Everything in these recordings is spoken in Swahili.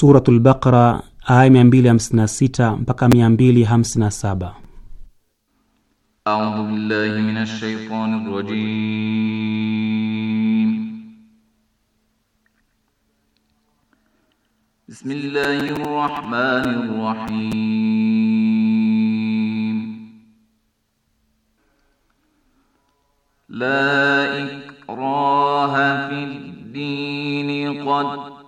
Suratul Baqara aya 256 mpaka 257. A'udhu billahi minash shaitanir rajim. Bismillahir rahmanir rahim. La ikraha fid din qad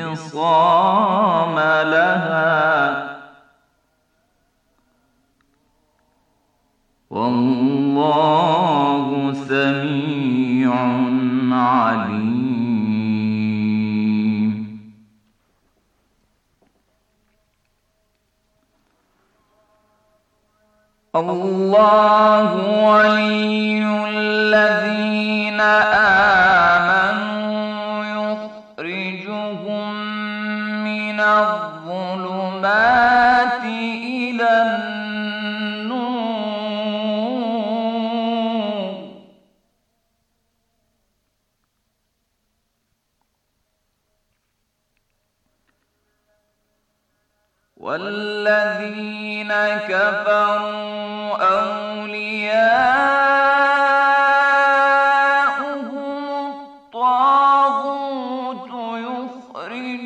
انفصام لها والله سميع عليم الله ولي الذين آمنوا والذين كفروا أولياء يخرج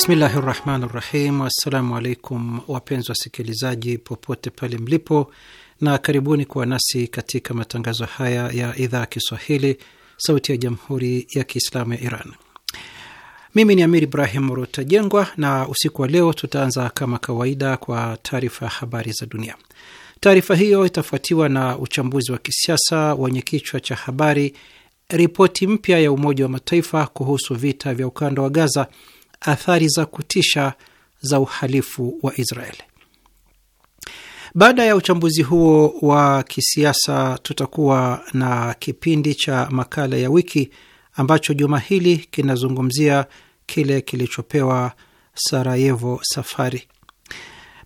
Bismillahi rahmani rahim. Assalamu alaikum wapenzi wasikilizaji popote pale mlipo, na karibuni kuwa nasi katika matangazo haya ya idhaa ya Kiswahili sauti ya jamhuri ya Kiislamu ya Iran. Mimi ni Amir Ibrahim Rutajengwa, na usiku wa leo tutaanza kama kawaida kwa taarifa ya habari za dunia. Taarifa hiyo itafuatiwa na uchambuzi wa kisiasa wenye kichwa cha habari, ripoti mpya ya Umoja wa Mataifa kuhusu vita vya ukanda wa Gaza athari za kutisha za uhalifu wa Israeli. Baada ya uchambuzi huo wa kisiasa, tutakuwa na kipindi cha makala ya wiki ambacho juma hili kinazungumzia kile kilichopewa Sarajevo safari.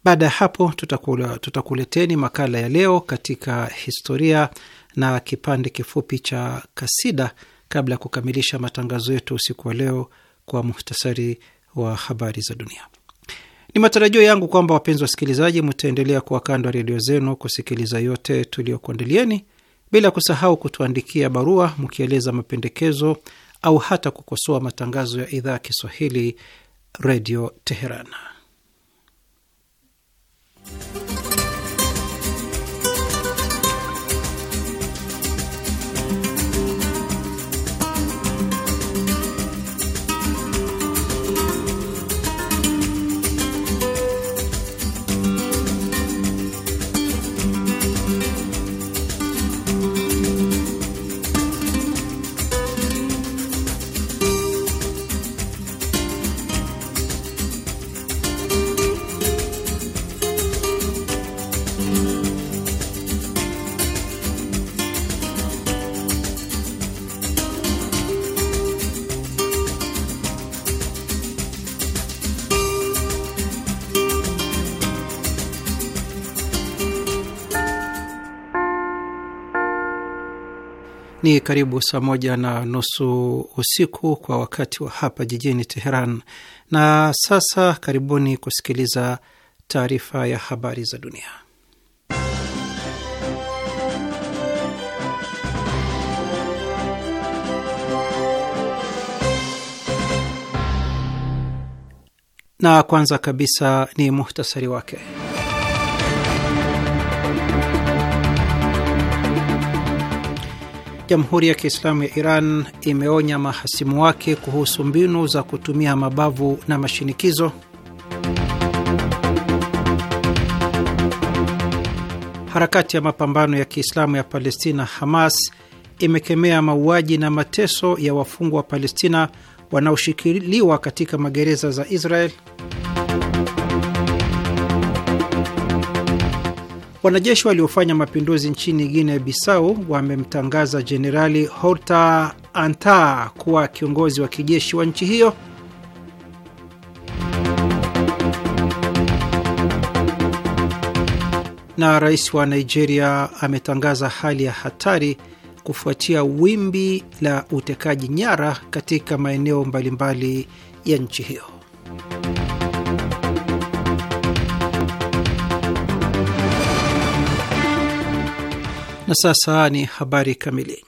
Baada ya hapo, tutakula, tutakuleteni makala ya leo katika historia na kipande kifupi cha kasida kabla ya kukamilisha matangazo yetu usiku wa leo kwa muhtasari wa habari za dunia. Ni matarajio yangu kwamba wapenzi wasikilizaji, mtaendelea kuwa kando ya redio zenu kusikiliza yote tuliyokuandalieni, bila kusahau kutuandikia barua mkieleza mapendekezo au hata kukosoa matangazo ya idhaa ya Kiswahili, Redio Teheran. Ni karibu saa moja na nusu usiku kwa wakati wa hapa jijini Teheran. Na sasa karibuni kusikiliza taarifa ya habari za dunia. Na kwanza kabisa ni muhtasari wake. Jamhuri ya Kiislamu ya Iran imeonya mahasimu wake kuhusu mbinu za kutumia mabavu na mashinikizo. Harakati ya mapambano ya Kiislamu ya Palestina Hamas imekemea mauaji na mateso ya wafungwa wa Palestina wanaoshikiliwa katika magereza za Israel. Wanajeshi waliofanya mapinduzi nchini Guinea Bissau wamemtangaza Jenerali Horta Anta kuwa kiongozi wa kijeshi wa nchi hiyo. Na rais wa Nigeria ametangaza hali ya hatari kufuatia wimbi la utekaji nyara katika maeneo mbalimbali ya nchi hiyo. Na sasa ni habari kamili.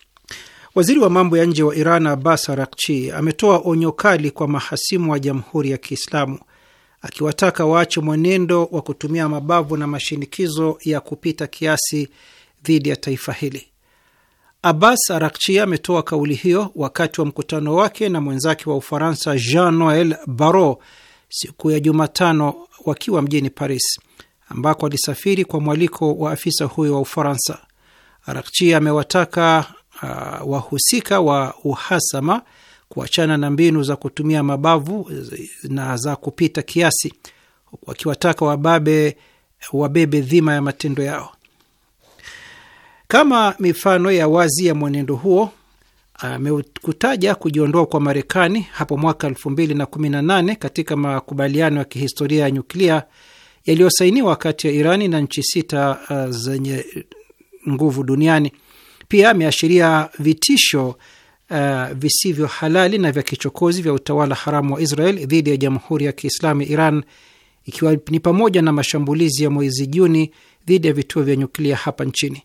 Waziri wa mambo ya nje wa Iran Abbas Arakchi ametoa onyo kali kwa mahasimu wa Jamhuri ya Kiislamu akiwataka waache mwenendo wa kutumia mabavu na mashinikizo ya kupita kiasi dhidi ya taifa hili. Abbas Arakchi ametoa kauli hiyo wakati wa mkutano wake na mwenzake wa Ufaransa Jean Noel Baro siku ya Jumatano wakiwa mjini Paris, ambako alisafiri kwa mwaliko wa afisa huyo wa Ufaransa. Arakchi amewataka uh, wahusika wa uhasama kuachana na mbinu za kutumia mabavu na za kupita kiasi, huku akiwataka wababe wabebe dhima ya matendo yao. Kama mifano ya wazi ya mwenendo huo amekutaja kujiondoa kwa Marekani hapo mwaka 2018 katika makubaliano ya kihistoria ya nyuklia yaliyosainiwa kati ya Irani na nchi sita uh, zenye nguvu duniani. Pia ameashiria vitisho uh, visivyo halali na vya kichokozi vya utawala haramu wa Israel dhidi ya Jamhuri ya Kiislamu ya Iran, ikiwa ni pamoja na mashambulizi ya mwezi Juni dhidi ya vituo vya nyuklia hapa nchini.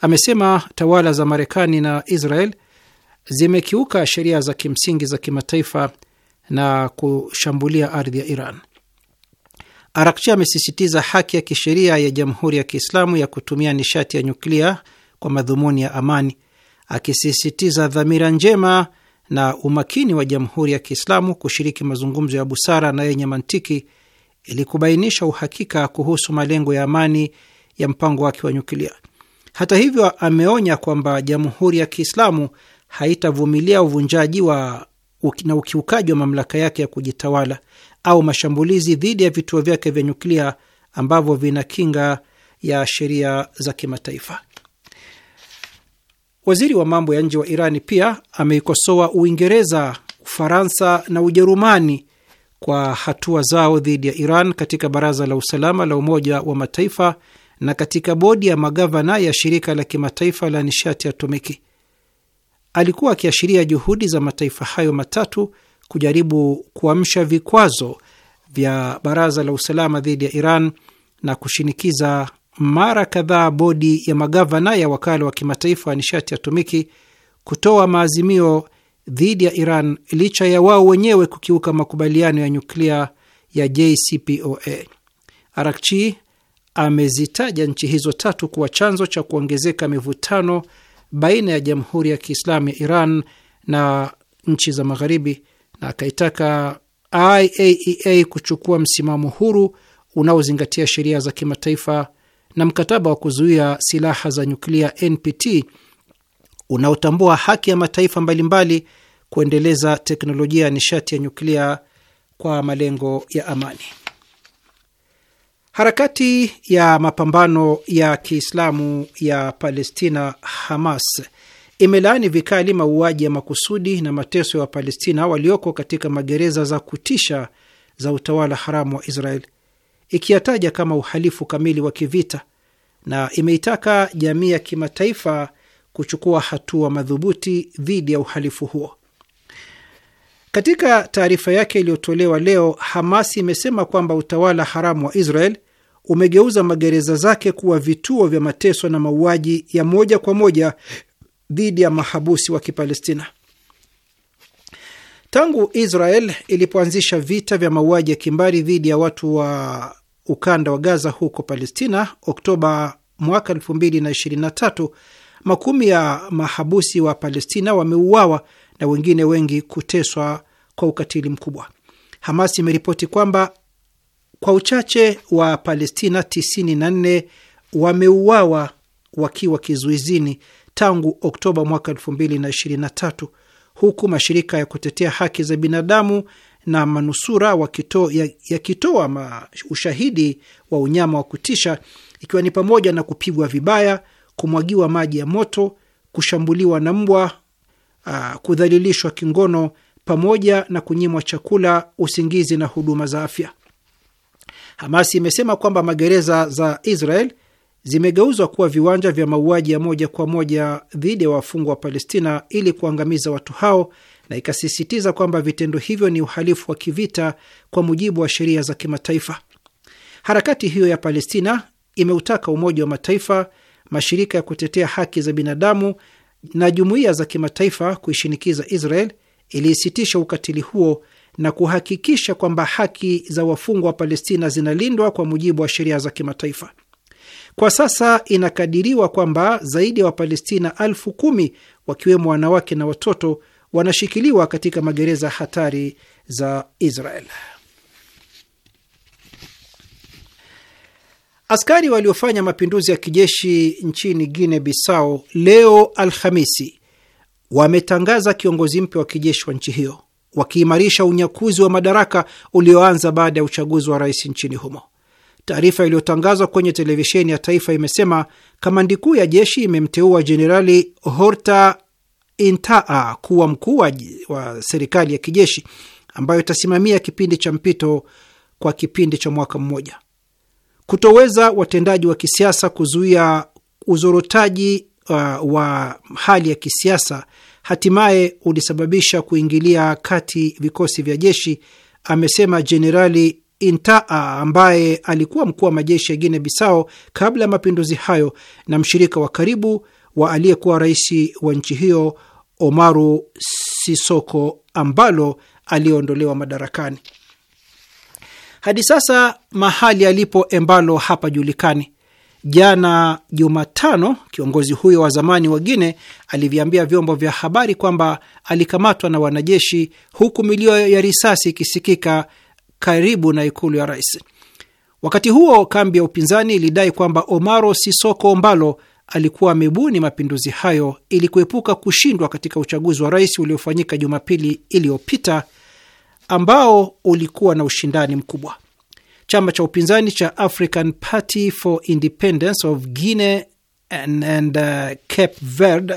Amesema tawala za Marekani na Israel zimekiuka sheria za kimsingi za kimataifa na kushambulia ardhi ya Iran. Arakchi amesisitiza haki ya kisheria ya Jamhuri ya Kiislamu ya kutumia nishati ya nyuklia kwa madhumuni ya amani, akisisitiza dhamira njema na umakini wa Jamhuri ya Kiislamu kushiriki mazungumzo ya busara na yenye mantiki ili kubainisha uhakika kuhusu malengo ya amani ya mpango wake wa nyuklia. Hata hivyo, ameonya kwamba Jamhuri ya Kiislamu haitavumilia uvunjaji na ukiukaji wa mamlaka yake ya kujitawala au mashambulizi dhidi ya vituo vyake vya nyuklia ambavyo vina kinga ya sheria za kimataifa. Waziri wa mambo ya nje wa Irani pia ameikosoa Uingereza, Ufaransa na Ujerumani kwa hatua zao dhidi ya Iran katika Baraza la Usalama la Umoja wa Mataifa na katika bodi ya magavana ya Shirika la Kimataifa la Nishati Atomiki. Alikuwa akiashiria juhudi za mataifa hayo matatu kujaribu kuamsha vikwazo vya Baraza la Usalama dhidi ya Iran na kushinikiza mara kadhaa bodi ya magavana ya wakala wa kimataifa wa nishati atomiki kutoa maazimio dhidi ya Iran licha ya wao wenyewe kukiuka makubaliano ya nyuklia ya JCPOA. Arakchi amezitaja nchi hizo tatu kuwa chanzo cha kuongezeka mivutano baina ya Jamhuri ya Kiislamu ya Iran na nchi za Magharibi na akaitaka IAEA e kuchukua msimamo huru unaozingatia sheria za kimataifa na mkataba wa kuzuia silaha za nyuklia NPT unaotambua haki ya mataifa mbalimbali kuendeleza teknolojia ya nishati ya nyuklia kwa malengo ya amani. Harakati ya mapambano ya Kiislamu ya Palestina Hamas imelaani vikali mauaji ya makusudi na mateso ya Wapalestina walioko katika magereza za kutisha za utawala haramu wa Israel, ikiyataja kama uhalifu kamili wa kivita na imeitaka jamii ya kimataifa kuchukua hatua madhubuti dhidi ya uhalifu huo. Katika taarifa yake iliyotolewa leo, Hamas imesema kwamba utawala haramu wa Israel umegeuza magereza zake kuwa vituo vya mateso na mauaji ya moja kwa moja dhidi ya mahabusi wa Kipalestina. Tangu Israel ilipoanzisha vita vya mauaji ya kimbari dhidi ya watu wa ukanda wa Gaza huko Palestina Oktoba mwaka 2023, makumi ya mahabusi wa Palestina wameuawa na wengine wengi kuteswa kwa ukatili mkubwa. Hamas imeripoti kwamba kwa uchache wa Palestina 94 wameuawa wakiwa kizuizini tangu Oktoba mwaka 2023 huku mashirika ya kutetea haki za binadamu na manusura yakitoa ya ushahidi wa unyama wa kutisha ikiwa ni pamoja na kupigwa vibaya, kumwagiwa maji ya moto, kushambuliwa na mbwa, kudhalilishwa kingono pamoja na kunyimwa chakula, usingizi na huduma za afya. Hamasi imesema kwamba magereza za Israel zimegeuzwa kuwa viwanja vya mauaji ya moja kwa moja dhidi ya wafungwa wa Palestina ili kuangamiza watu hao, na ikasisitiza kwamba vitendo hivyo ni uhalifu wa kivita kwa mujibu wa sheria za kimataifa. Harakati hiyo ya Palestina imeutaka Umoja wa Mataifa, mashirika ya kutetea haki za binadamu na jumuiya za kimataifa kuishinikiza Israel ili ukatili huo na kuhakikisha kwamba haki za wafungwa wa Palestina zinalindwa kwa mujibu wa sheria za kimataifa. Kwa sasa inakadiriwa kwamba zaidi ya wa Wapalestina elfu kumi wakiwemo wanawake na watoto wanashikiliwa katika magereza hatari za Israel. Askari waliofanya mapinduzi ya kijeshi nchini Guinea Bissau leo Alhamisi wametangaza kiongozi mpya wa kijeshi wa nchi hiyo, wakiimarisha unyakuzi wa madaraka ulioanza baada ya uchaguzi wa rais nchini humo. Taarifa iliyotangazwa kwenye televisheni ya taifa imesema kamandi kuu ya jeshi imemteua Jenerali Horta Intaa kuwa mkuu wa serikali ya kijeshi ambayo itasimamia kipindi cha mpito kwa kipindi cha mwaka mmoja. Kutoweza watendaji wa kisiasa kuzuia uzorotaji uh, wa hali ya kisiasa hatimaye ulisababisha kuingilia kati vikosi vya jeshi, amesema Jenerali Intaa ah, ambaye alikuwa mkuu wa majeshi ya Guinea Bissau kabla ya mapinduzi hayo na mshirika wa karibu wa aliyekuwa rais wa nchi hiyo Omaru Sisoko ambalo aliyeondolewa madarakani. Hadi sasa mahali alipo Embalo hapajulikani. Jana Jumatano, kiongozi huyo wa zamani wa Guine aliviambia vyombo vya habari kwamba alikamatwa na wanajeshi, huku milio ya risasi ikisikika karibu na ikulu ya rais. Wakati huo kambi ya upinzani ilidai kwamba Omaro Sisoko Ombalo alikuwa amebuni mapinduzi hayo ili kuepuka kushindwa katika uchaguzi wa rais uliofanyika Jumapili iliyopita ambao ulikuwa na ushindani mkubwa. Chama cha upinzani cha African Party for Independence of Guinea and, and uh, Cape Verde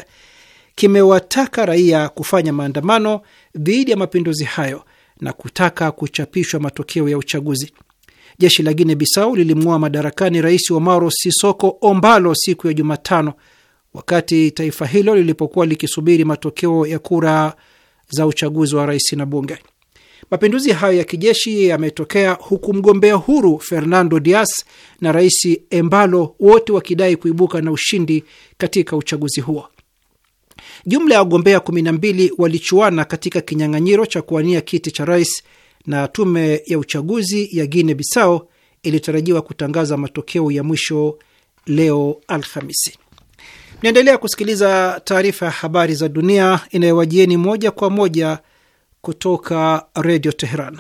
kimewataka raia kufanya maandamano dhidi ya mapinduzi hayo na kutaka kuchapishwa matokeo ya uchaguzi. Jeshi la Guinea Bissau lilimng'oa madarakani rais Omaro Sisoko Ombalo siku ya Jumatano, wakati taifa hilo lilipokuwa likisubiri matokeo ya kura za uchaguzi wa rais na bunge. Mapinduzi hayo ya kijeshi yametokea huku mgombea huru Fernando Dias na rais Embalo wote wakidai kuibuka na ushindi katika uchaguzi huo. Jumla ya wagombea 12 walichuana katika kinyang'anyiro cha kuwania kiti cha rais, na tume ya uchaguzi ya Guinea Bissau ilitarajiwa kutangaza matokeo ya mwisho leo Alhamisi. Mnaendelea kusikiliza taarifa ya habari za dunia inayowajieni moja kwa moja kutoka redio Teheran.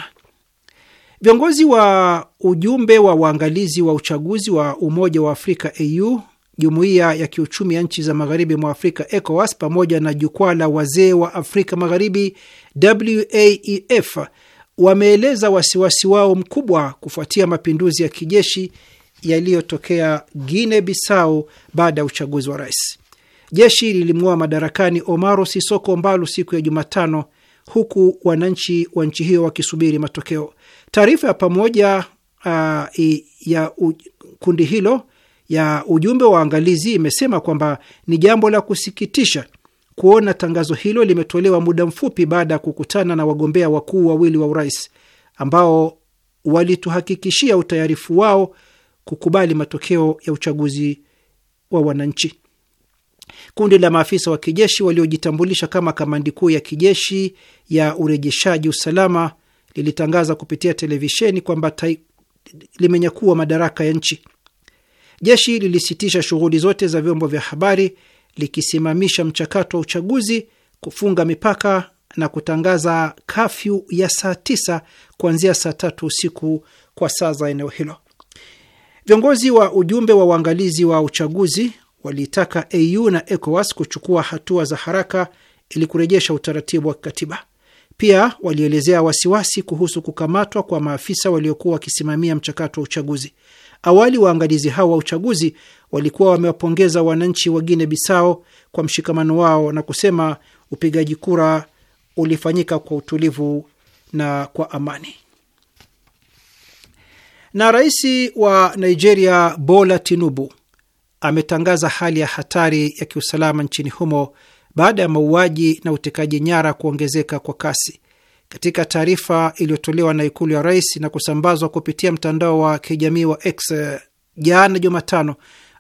Viongozi wa ujumbe wa waangalizi wa uchaguzi wa Umoja wa Afrika au jumuiya ya kiuchumi ya nchi za magharibi mwa Afrika, ECOWAS, pamoja na jukwaa la wazee wa Afrika Magharibi, WAEF, wameeleza wasiwasi wao mkubwa kufuatia mapinduzi ya kijeshi yaliyotokea guine Bissau baada ya uchaguzi wa rais. Jeshi lilimng'oa madarakani Omaro Sisoko mbalu siku ya Jumatano, huku wananchi wa nchi hiyo wakisubiri matokeo. Taarifa ya pamoja uh, ya kundi hilo ya ujumbe wa waangalizi imesema kwamba ni jambo la kusikitisha kuona tangazo hilo limetolewa muda mfupi baada ya kukutana na wagombea wakuu wawili wa urais ambao walituhakikishia utayarifu wao kukubali matokeo ya uchaguzi wa wananchi. Kundi la maafisa wa kijeshi waliojitambulisha kama kamandi kuu ya kijeshi ya urejeshaji usalama lilitangaza kupitia televisheni kwamba limenyakua madaraka ya nchi. Jeshi lilisitisha shughuli zote za vyombo vya habari likisimamisha mchakato wa uchaguzi, kufunga mipaka na kutangaza kafyu ya saa tisa kuanzia saa tatu usiku kwa saa za eneo hilo. Viongozi wa ujumbe wa uangalizi wa uchaguzi waliitaka AU na ECOWAS kuchukua hatua za haraka ili kurejesha utaratibu wa kikatiba. Pia walielezea wasiwasi kuhusu kukamatwa kwa maafisa waliokuwa wakisimamia mchakato wa uchaguzi. Awali waangalizi hao wa uchaguzi walikuwa wamewapongeza wananchi wa Guinea Bissau kwa mshikamano wao na kusema upigaji kura ulifanyika kwa utulivu na kwa amani. Na rais wa Nigeria Bola Tinubu ametangaza hali ya hatari ya kiusalama nchini humo baada ya mauaji na utekaji nyara kuongezeka kwa kasi katika taarifa iliyotolewa na ikulu ya rais na kusambazwa kupitia mtandao wa kijamii wa X eh, jana Jumatano,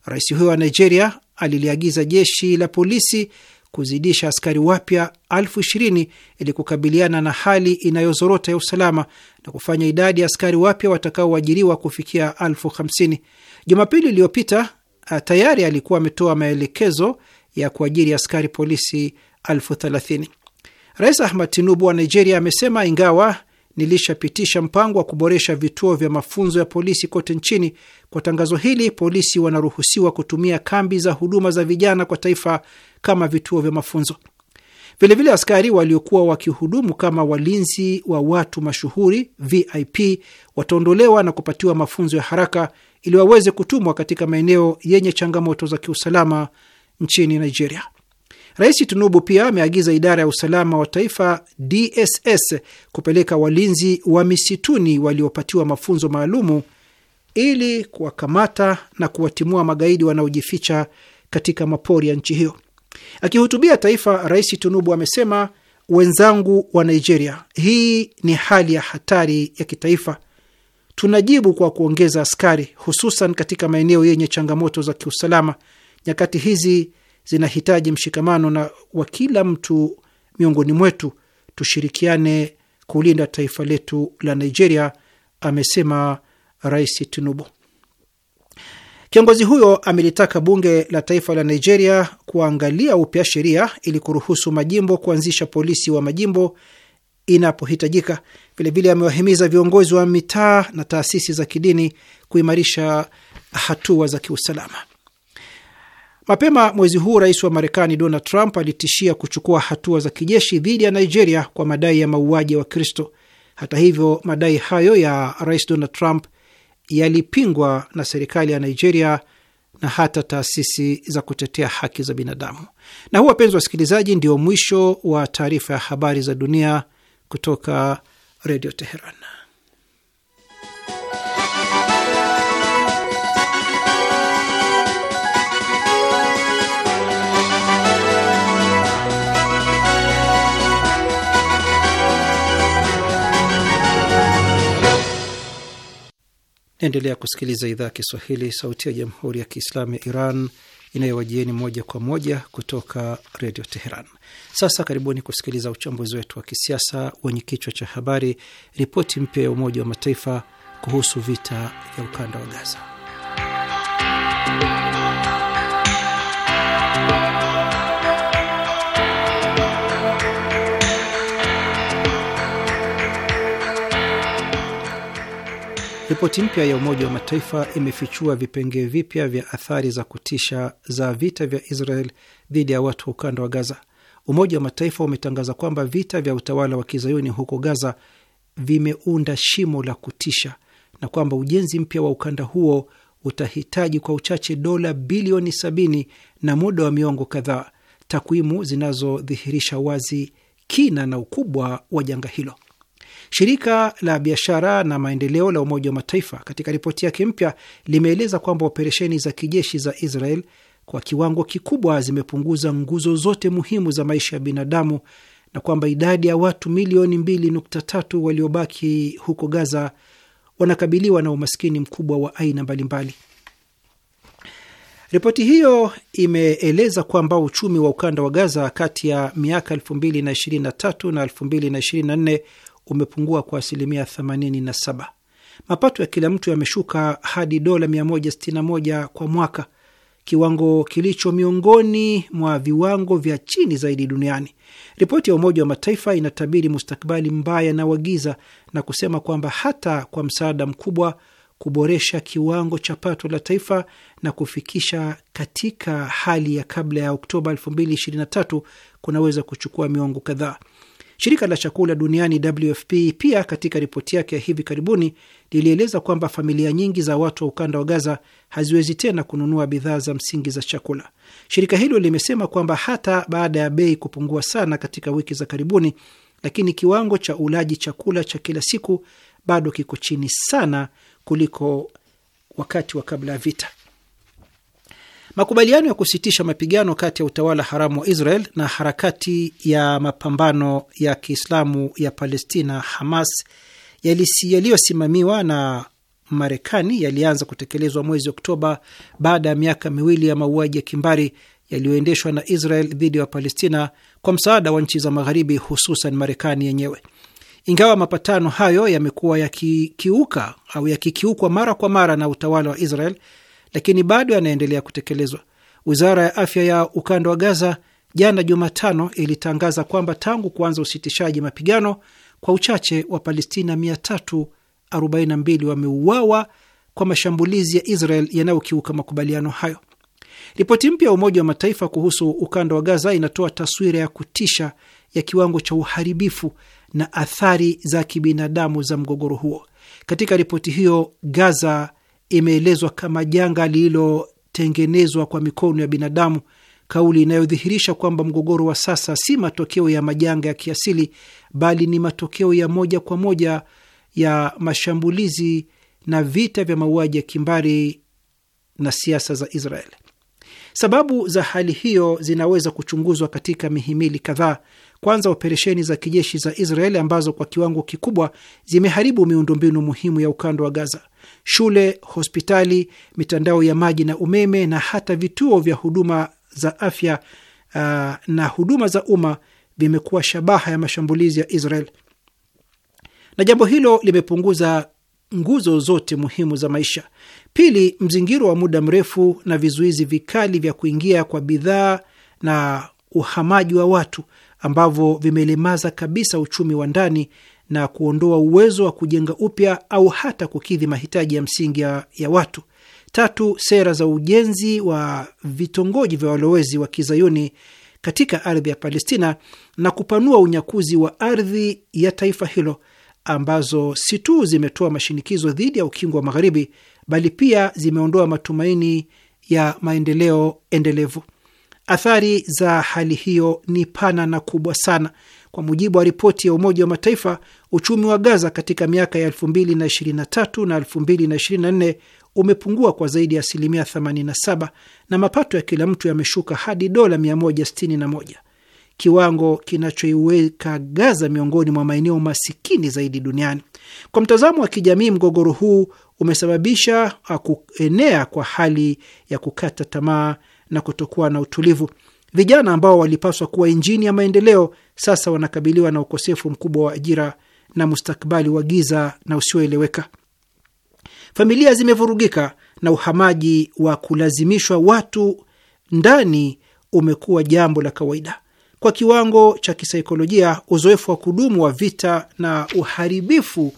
rais huyo wa Nigeria aliliagiza jeshi la polisi kuzidisha askari wapya elfu ishirini ili kukabiliana na hali inayozorota ya usalama na kufanya idadi ya askari wapya watakaoajiriwa kufikia elfu hamsini. Jumapili iliyopita eh, tayari alikuwa ametoa maelekezo ya kuajiri askari polisi elfu thelathini. Rais Ahmad Tinubu wa Nigeria amesema ingawa nilishapitisha mpango wa kuboresha vituo vya mafunzo ya polisi kote nchini, kwa tangazo hili polisi wanaruhusiwa kutumia kambi za huduma za vijana kwa taifa kama vituo vya mafunzo. Vilevile, askari waliokuwa wakihudumu kama walinzi wa watu mashuhuri VIP wataondolewa na kupatiwa mafunzo ya haraka ili waweze kutumwa katika maeneo yenye changamoto za kiusalama nchini Nigeria. Rais Tinubu pia ameagiza idara ya usalama wa taifa DSS kupeleka walinzi wa misituni waliopatiwa mafunzo maalumu ili kuwakamata na kuwatimua magaidi wanaojificha katika mapori ya nchi hiyo. Akihutubia taifa, Rais Tinubu amesema, wenzangu wa Nigeria, hii ni hali ya hatari ya kitaifa. Tunajibu kwa kuongeza askari, hususan katika maeneo yenye changamoto za kiusalama. Nyakati hizi zinahitaji mshikamano na wa kila mtu miongoni mwetu. Tushirikiane kulinda taifa letu la Nigeria, amesema Rais Tinubu. Kiongozi huyo amelitaka bunge la taifa la Nigeria kuangalia upya sheria ili kuruhusu majimbo kuanzisha polisi wa majimbo inapohitajika. Vilevile amewahimiza viongozi wa mitaa na taasisi za kidini kuimarisha hatua za kiusalama. Mapema mwezi huu rais wa Marekani Donald Trump alitishia kuchukua hatua za kijeshi dhidi ya Nigeria kwa madai ya mauaji ya Wakristo. Hata hivyo, madai hayo ya rais Donald Trump yalipingwa na serikali ya Nigeria na hata taasisi za kutetea haki za binadamu. Na huu, wapenzi wa wasikilizaji, ndio mwisho wa taarifa ya habari za dunia kutoka Redio Teheran. Naendelea kusikiliza idhaa ya Kiswahili, sauti ya jamhuri ya kiislamu ya Iran inayowajieni moja kwa moja kutoka redio Teheran. Sasa karibuni kusikiliza uchambuzi wetu wa kisiasa wenye kichwa cha habari, ripoti mpya ya Umoja wa Mataifa kuhusu vita vya ukanda wa Gaza. Ripoti mpya ya Umoja wa Mataifa imefichua vipengee vipya vya athari za kutisha za vita vya Israel dhidi ya watu wa ukanda wa Gaza. Umoja wa Mataifa umetangaza kwamba vita vya utawala wa kizayuni huko Gaza vimeunda shimo la kutisha na kwamba ujenzi mpya wa ukanda huo utahitaji kwa uchache dola bilioni sabini na muda wa miongo kadhaa, takwimu zinazodhihirisha wazi kina na ukubwa wa janga hilo. Shirika la biashara na maendeleo la Umoja wa Mataifa katika ripoti yake mpya limeeleza kwamba operesheni za kijeshi za Israel kwa kiwango kikubwa zimepunguza nguzo zote muhimu za maisha ya binadamu na kwamba idadi ya watu milioni 2.3 waliobaki huko Gaza wanakabiliwa na umaskini mkubwa wa aina mbalimbali. Ripoti hiyo imeeleza kwamba uchumi wa ukanda wa Gaza kati ya miaka 2023 na 2024 umepungua kwa asilimia 87. Mapato ya kila mtu yameshuka hadi dola 161 kwa mwaka, kiwango kilicho miongoni mwa viwango vya chini zaidi duniani. Ripoti ya Umoja wa Mataifa inatabiri mustakabali mbaya na wagiza na kusema kwamba hata kwa msaada mkubwa kuboresha kiwango cha pato la taifa na kufikisha katika hali ya kabla ya Oktoba 2023 kunaweza kuchukua miongo kadhaa. Shirika la chakula duniani WFP pia katika ripoti yake ya hivi karibuni lilieleza kwamba familia nyingi za watu wa ukanda wa Gaza haziwezi tena kununua bidhaa za msingi za chakula. Shirika hilo limesema kwamba hata baada ya bei kupungua sana katika wiki za karibuni, lakini kiwango cha ulaji chakula cha kila siku bado kiko chini sana kuliko wakati wa kabla ya vita. Makubaliano ya kusitisha mapigano kati ya utawala haramu wa Israel na harakati ya mapambano ya Kiislamu ya Palestina, Hamas, yaliyosimamiwa na Marekani yalianza kutekelezwa mwezi Oktoba baada ya miaka miwili ya mauaji ya kimbari yaliyoendeshwa na Israel dhidi ya Palestina kwa msaada wa nchi za Magharibi, hususan Marekani yenyewe. Ingawa mapatano hayo yamekuwa yakikiuka au yakikiukwa mara kwa mara na utawala wa Israel, lakini bado yanaendelea kutekelezwa. Wizara ya afya ya ukanda wa Gaza jana Jumatano ilitangaza kwamba tangu kuanza usitishaji mapigano, kwa uchache wa palestina 342 wameuawa kwa mashambulizi ya Israel yanayokiuka makubaliano hayo. Ripoti mpya ya Umoja wa Mataifa kuhusu ukanda wa Gaza inatoa taswira ya kutisha ya kiwango cha uharibifu na athari za kibinadamu za mgogoro huo. Katika ripoti hiyo, Gaza imeelezwa kama janga lililotengenezwa kwa mikono ya binadamu, kauli inayodhihirisha kwamba mgogoro wa sasa si matokeo ya majanga ya kiasili, bali ni matokeo ya moja kwa moja ya mashambulizi na vita vya mauaji ya kimbari na siasa za Israel. Sababu za hali hiyo zinaweza kuchunguzwa katika mihimili kadhaa kwanza, operesheni za kijeshi za Israeli ambazo kwa kiwango kikubwa zimeharibu miundombinu muhimu ya ukanda wa Gaza: shule, hospitali, mitandao ya maji na umeme, na hata vituo vya huduma za afya uh, na huduma za umma vimekuwa shabaha ya mashambulizi ya Israel, na jambo hilo limepunguza nguzo zote muhimu za maisha. Pili, mzingiro wa muda mrefu na vizuizi vikali vya kuingia kwa bidhaa na uhamaji wa watu ambavyo vimelemaza kabisa uchumi wa ndani na kuondoa uwezo wa kujenga upya au hata kukidhi mahitaji ya msingi ya, ya watu. Tatu, sera za ujenzi wa vitongoji vya walowezi wa kizayuni katika ardhi ya Palestina na kupanua unyakuzi wa ardhi ya taifa hilo ambazo si tu zimetoa mashinikizo dhidi ya ukingo wa Magharibi bali pia zimeondoa matumaini ya maendeleo endelevu. Athari za hali hiyo ni pana na kubwa sana. Kwa mujibu wa ripoti ya Umoja wa Mataifa, uchumi wa Gaza katika miaka ya 2023 na 2024 umepungua kwa zaidi ya asilimia 87 na mapato ya kila mtu yameshuka hadi dola 161, kiwango kinachoiweka Gaza miongoni mwa maeneo masikini zaidi duniani. Kwa mtazamo wa kijamii, mgogoro huu umesababisha uh, kuenea kwa hali ya kukata tamaa na kutokuwa na utulivu. Vijana ambao walipaswa kuwa injini ya maendeleo sasa wanakabiliwa na ukosefu mkubwa wa ajira na mustakabali wa giza na usioeleweka. Familia zimevurugika na uhamaji wa kulazimishwa watu ndani umekuwa jambo la kawaida. Kwa kiwango cha kisaikolojia, uzoefu wa kudumu wa vita na uharibifu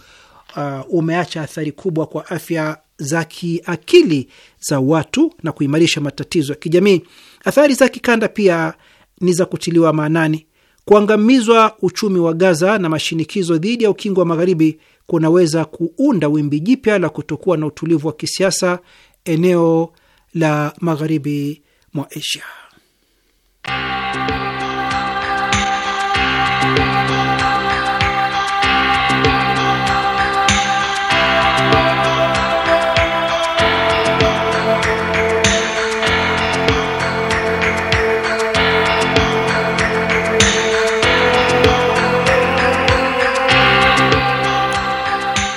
uh, umeacha athari kubwa kwa afya za kiakili za watu na kuimarisha matatizo ya kijamii. Athari za kikanda pia ni za kutiliwa maanani. Kuangamizwa uchumi wa Gaza na mashinikizo dhidi ya ukingo wa Magharibi kunaweza kuunda wimbi jipya la kutokuwa na utulivu wa kisiasa eneo la magharibi mwa Asia.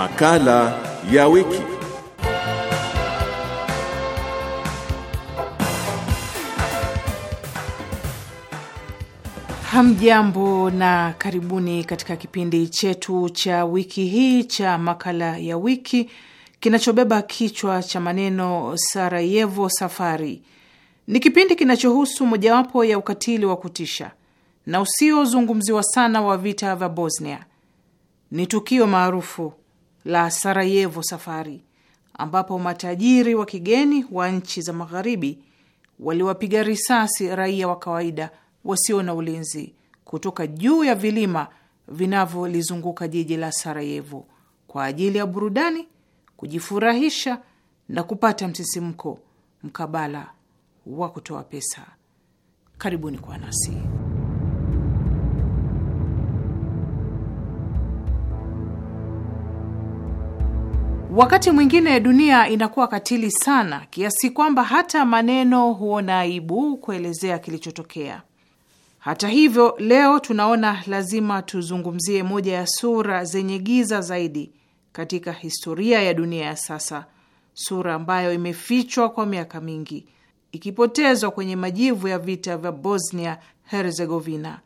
Makala ya wiki. Hamjambo na karibuni katika kipindi chetu cha wiki hii cha makala ya wiki kinachobeba kichwa cha maneno Sarajevo Safari. Ni kipindi kinachohusu mojawapo ya ukatili wa kutisha na usiozungumziwa sana wa vita vya Bosnia. Ni tukio maarufu la Sarajevo Safari, ambapo matajiri wa kigeni wa nchi za magharibi waliwapiga risasi raia wa kawaida wasio na ulinzi kutoka juu ya vilima vinavyolizunguka jiji la Sarajevo kwa ajili ya burudani, kujifurahisha na kupata msisimko mkabala wa kutoa pesa. Karibuni kwa nasi. Wakati mwingine dunia inakuwa katili sana kiasi kwamba hata maneno huona aibu kuelezea kilichotokea. Hata hivyo, leo tunaona lazima tuzungumzie moja ya sura zenye giza zaidi katika historia ya dunia ya sasa, sura ambayo imefichwa kwa miaka mingi, ikipotezwa kwenye majivu ya vita vya Bosnia Herzegovina.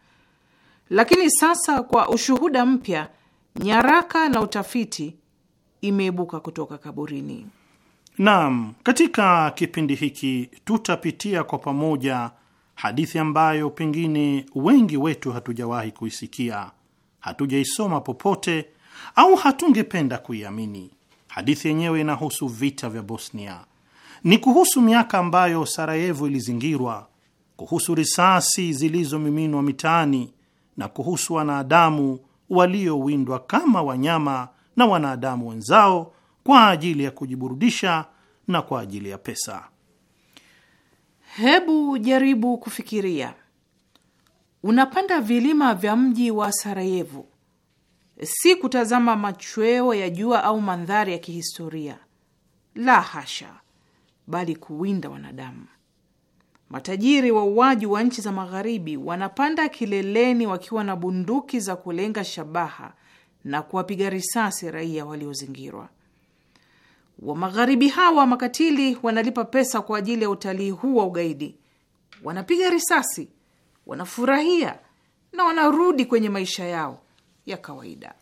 Lakini sasa kwa ushuhuda mpya, nyaraka na utafiti imeibuka kutoka kaburini. Naam, katika kipindi hiki tutapitia kwa pamoja hadithi ambayo pengine wengi wetu hatujawahi kuisikia, hatujaisoma popote, au hatungependa kuiamini. Hadithi yenyewe inahusu vita vya Bosnia, ni kuhusu miaka ambayo Sarajevo ilizingirwa, kuhusu risasi zilizomiminwa mitaani na kuhusu wanadamu waliowindwa kama wanyama na wanadamu wenzao kwa ajili ya kujiburudisha na kwa ajili ya pesa. Hebu jaribu kufikiria, unapanda vilima vya mji wa sarayevu si kutazama machweo ya jua au mandhari ya kihistoria, la hasha, bali kuwinda wanadamu. Matajiri wa uwaji wa nchi za magharibi wanapanda kileleni wakiwa na bunduki za kulenga shabaha na kuwapiga risasi raia waliozingirwa. Wa magharibi hawa makatili wanalipa pesa kwa ajili ya utalii huu wa ugaidi, wanapiga risasi, wanafurahia na wanarudi kwenye maisha yao ya kawaida.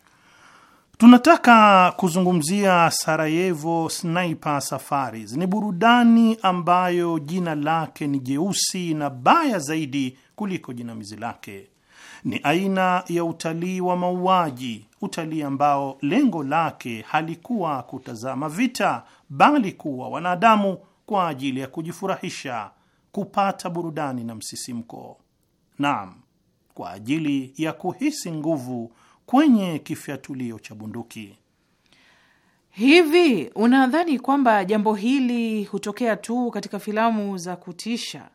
Tunataka kuzungumzia Sarajevo Sniper Safaris. Ni burudani ambayo jina lake ni jeusi na baya zaidi kuliko jinamizi lake ni aina ya utalii wa mauaji, utalii ambao lengo lake halikuwa kutazama vita, bali kuwa wanadamu kwa ajili ya kujifurahisha, kupata burudani na msisimko. Naam, kwa ajili ya kuhisi nguvu kwenye kifyatulio cha bunduki. Hivi unadhani kwamba jambo hili hutokea tu katika filamu za kutisha?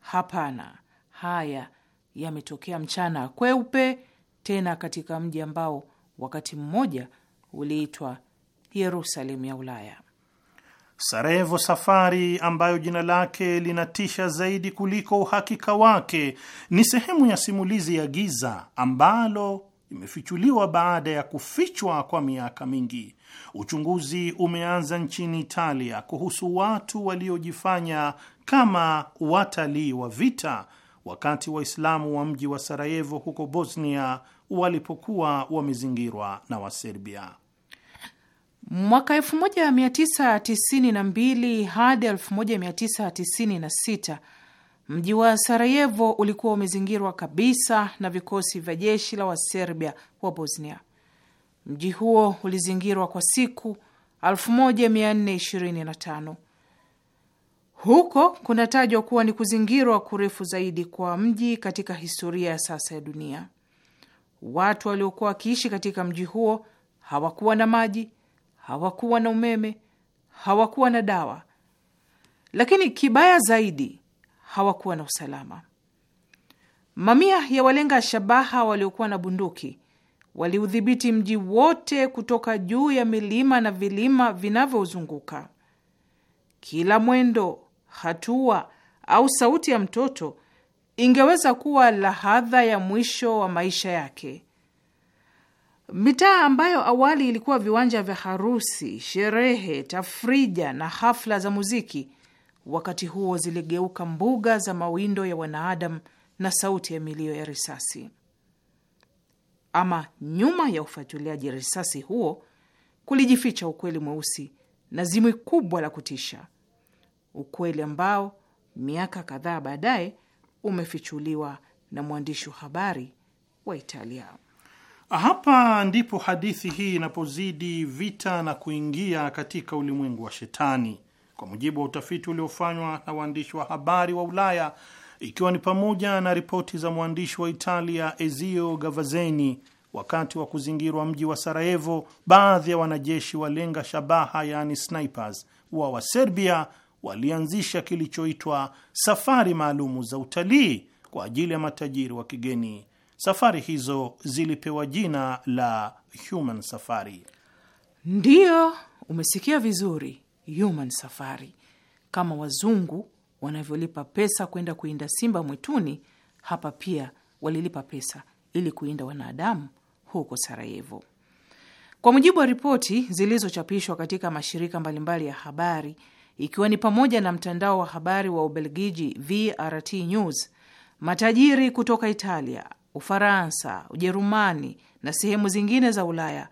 Hapana, haya yametokea mchana kweupe, tena katika mji ambao wakati mmoja uliitwa Yerusalemu ya Ulaya. Sarajevo Safari, ambayo jina lake linatisha zaidi kuliko uhakika wake, ni sehemu ya simulizi ya giza ambalo imefichuliwa baada ya kufichwa kwa miaka mingi. Uchunguzi umeanza nchini Italia kuhusu watu waliojifanya kama watalii wa vita wakati Waislamu wa mji wa Sarajevo huko Bosnia walipokuwa wamezingirwa na Waserbia. Mwaka 1992 hadi 1996 mji wa Sarajevo ulikuwa umezingirwa kabisa na vikosi vya jeshi la Waserbia wa Bosnia. Mji huo ulizingirwa kwa siku 1425 huko kunatajwa kuwa ni kuzingirwa kurefu zaidi kwa mji katika historia ya sasa ya dunia. Watu waliokuwa wakiishi katika mji huo hawakuwa na maji, hawakuwa na umeme, hawakuwa na dawa, lakini kibaya zaidi, hawakuwa na usalama. Mamia ya walenga shabaha waliokuwa na bunduki waliudhibiti mji wote kutoka juu ya milima na vilima vinavyozunguka Kila mwendo hatua au sauti ya mtoto ingeweza kuwa lahadha ya mwisho wa maisha yake. Mitaa ambayo awali ilikuwa viwanja vya harusi, sherehe, tafrija na hafla za muziki, wakati huo ziligeuka mbuga za mawindo ya wanaadamu na sauti ya milio ya risasi. Ama nyuma ya ufuatiliaji risasi huo kulijificha ukweli mweusi na zimwi kubwa la kutisha ukweli ambao miaka kadhaa baadaye umefichuliwa na mwandishi wa habari wa Italia. Hapa ndipo hadithi hii inapozidi vita na kuingia katika ulimwengu wa shetani. Kwa mujibu wa utafiti uliofanywa na waandishi wa habari wa Ulaya, ikiwa ni pamoja na ripoti za mwandishi wa Italia Ezio Gavazeni, wakati wa kuzingirwa mji wa Sarajevo, baadhi ya wanajeshi walenga shabaha, yaani snipers, wa Waserbia walianzisha kilichoitwa safari maalumu za utalii kwa ajili ya matajiri wa kigeni. Safari hizo zilipewa jina la Human Safari. Ndiyo, umesikia vizuri, Human Safari. Kama wazungu wanavyolipa pesa kwenda kuinda simba mwituni, hapa pia walilipa pesa ili kuinda wanadamu huko Sarajevo. Kwa mujibu wa ripoti zilizochapishwa katika mashirika mbalimbali ya habari, ikiwa ni pamoja na mtandao wa habari wa Ubelgiji VRT News, matajiri kutoka Italia, Ufaransa, Ujerumani na sehemu zingine za Ulaya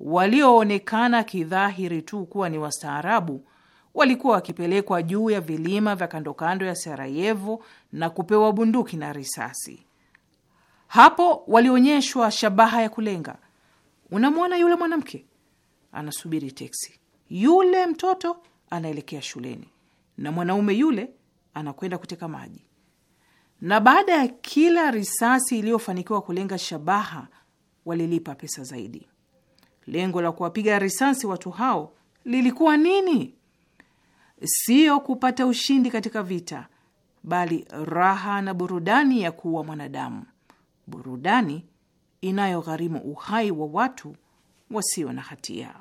walioonekana kidhahiri tu kuwa ni wastaarabu walikuwa wakipelekwa juu ya vilima vya kandokando ya Sarajevo na kupewa bunduki na risasi. Hapo walionyeshwa shabaha ya kulenga. Unamwona yule mwanamke anasubiri teksi, yule mtoto anaelekea shuleni na mwanaume yule anakwenda kuteka maji. Na baada ya kila risasi iliyofanikiwa kulenga shabaha, walilipa pesa zaidi. Lengo la kuwapiga risasi watu hao lilikuwa nini? Siyo kupata ushindi katika vita, bali raha na burudani ya kuua mwanadamu, burudani inayogharimu uhai wa watu wasio na hatia.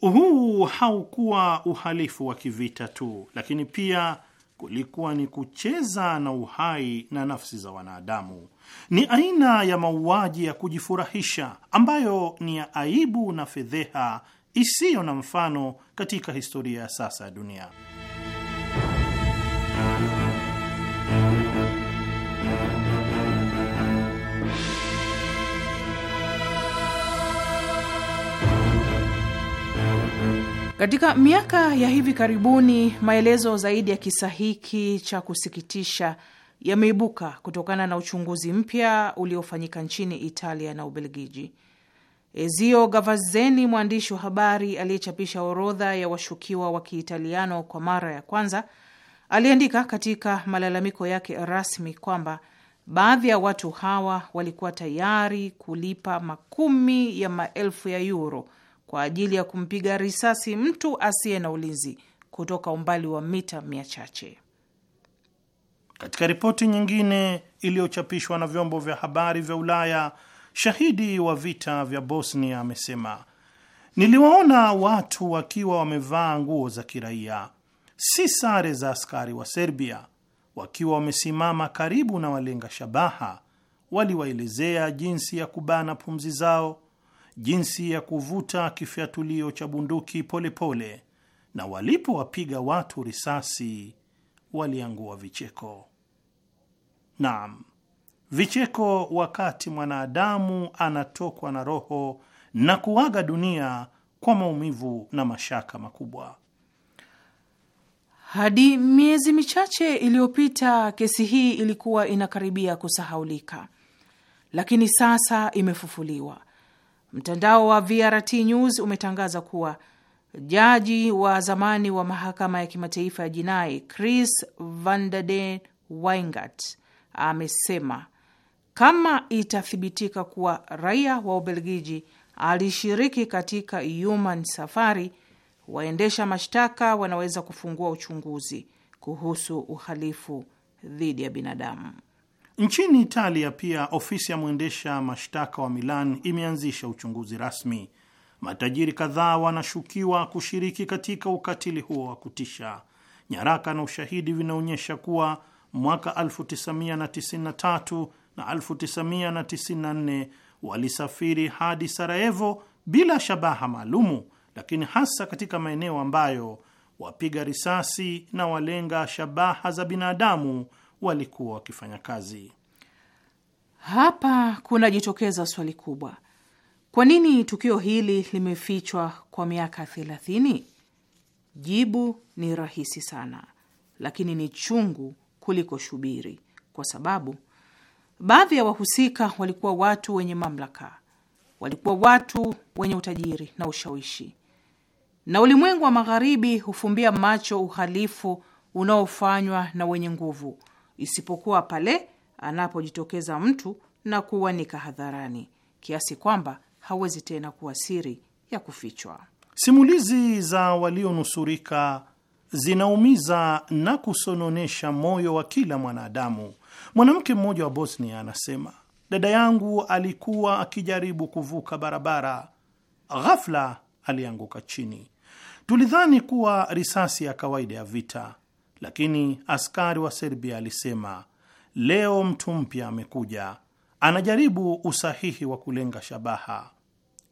Huu haukuwa uhalifu wa kivita tu, lakini pia kulikuwa ni kucheza na uhai na nafsi za wanadamu. Ni aina ya mauaji ya kujifurahisha ambayo ni ya aibu na fedheha isiyo na mfano katika historia ya sasa ya dunia. Katika miaka ya hivi karibuni, maelezo zaidi ya kisa hiki cha kusikitisha yameibuka kutokana na uchunguzi mpya uliofanyika nchini Italia na Ubelgiji. Ezio Gavazzeni, mwandishi wa habari aliyechapisha orodha ya washukiwa wa Kiitaliano kwa mara ya kwanza, aliandika katika malalamiko yake rasmi kwamba baadhi ya watu hawa walikuwa tayari kulipa makumi ya maelfu ya yuro kwa ajili ya kumpiga risasi mtu asiye na ulinzi kutoka umbali wa mita mia chache. Katika ripoti nyingine iliyochapishwa na vyombo vya habari vya Ulaya, shahidi wa vita vya Bosnia amesema, niliwaona watu wakiwa wamevaa nguo za kiraia, si sare za askari wa Serbia, wakiwa wamesimama karibu na walenga shabaha. Waliwaelezea jinsi ya kubana pumzi zao jinsi ya kuvuta kifyatulio cha bunduki polepole pole, na walipowapiga watu risasi waliangua vicheko. Naam, vicheko wakati mwanadamu anatokwa na roho na kuaga dunia kwa maumivu na mashaka makubwa. Hadi miezi michache iliyopita, kesi hii ilikuwa inakaribia kusahaulika, lakini sasa imefufuliwa Mtandao wa VRT News umetangaza kuwa jaji wa zamani wa mahakama ya kimataifa ya jinai Chris Vandeden Weingart amesema kama itathibitika kuwa raia wa Ubelgiji alishiriki katika Human Safari, waendesha mashtaka wanaweza kufungua uchunguzi kuhusu uhalifu dhidi ya binadamu. Nchini Italia pia ofisi ya mwendesha mashtaka wa Milan imeanzisha uchunguzi rasmi. Matajiri kadhaa wanashukiwa kushiriki katika ukatili huo wa kutisha. Nyaraka na ushahidi vinaonyesha kuwa mwaka 1993 na 1994 walisafiri hadi Sarajevo bila shabaha maalumu, lakini hasa katika maeneo ambayo wapiga risasi na walenga shabaha za binadamu walikuwa wakifanya kazi. Hapa kunajitokeza swali kubwa, kwa nini tukio hili limefichwa kwa miaka thelathini? Jibu ni rahisi sana, lakini ni chungu kuliko shubiri, kwa sababu baadhi ya wahusika walikuwa watu wenye mamlaka, walikuwa watu wenye utajiri na ushawishi, na ulimwengu wa Magharibi hufumbia macho uhalifu unaofanywa na wenye nguvu isipokuwa pale anapojitokeza mtu na kuuanika hadharani kiasi kwamba hawezi tena kuwa siri ya kufichwa. Simulizi za walionusurika zinaumiza na kusononesha moyo wa kila mwanadamu. Mwanamke mmoja wa Bosnia anasema, dada yangu alikuwa akijaribu kuvuka barabara, ghafla alianguka chini. Tulidhani kuwa risasi ya kawaida ya vita, lakini askari wa Serbia alisema leo mtu mpya amekuja, anajaribu usahihi wa kulenga shabaha.